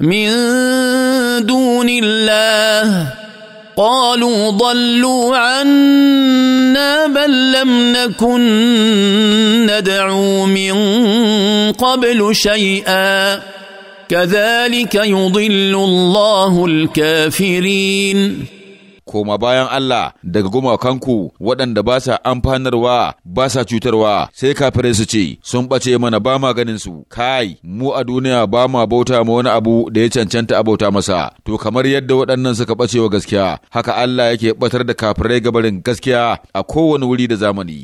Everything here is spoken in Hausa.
من دون الله قالوا ضلوا عنا بل لم نكن ندعو من قبل شيئا كذلك يضل الله الكافرين koma bayan Allah daga gumakanku waɗanda ba sa amfanarwa ba sa cutarwa sai kafirai su ce sun ɓace mana ba ma ganin su kai mu a duniya ba ma bauta ma wani abu da ya cancanta a bauta masa to kamar yadda waɗannan suka ɓace wa gaskiya haka Allah yake ɓatar da kafirai gabarin gaskiya a kowane wuri da zamani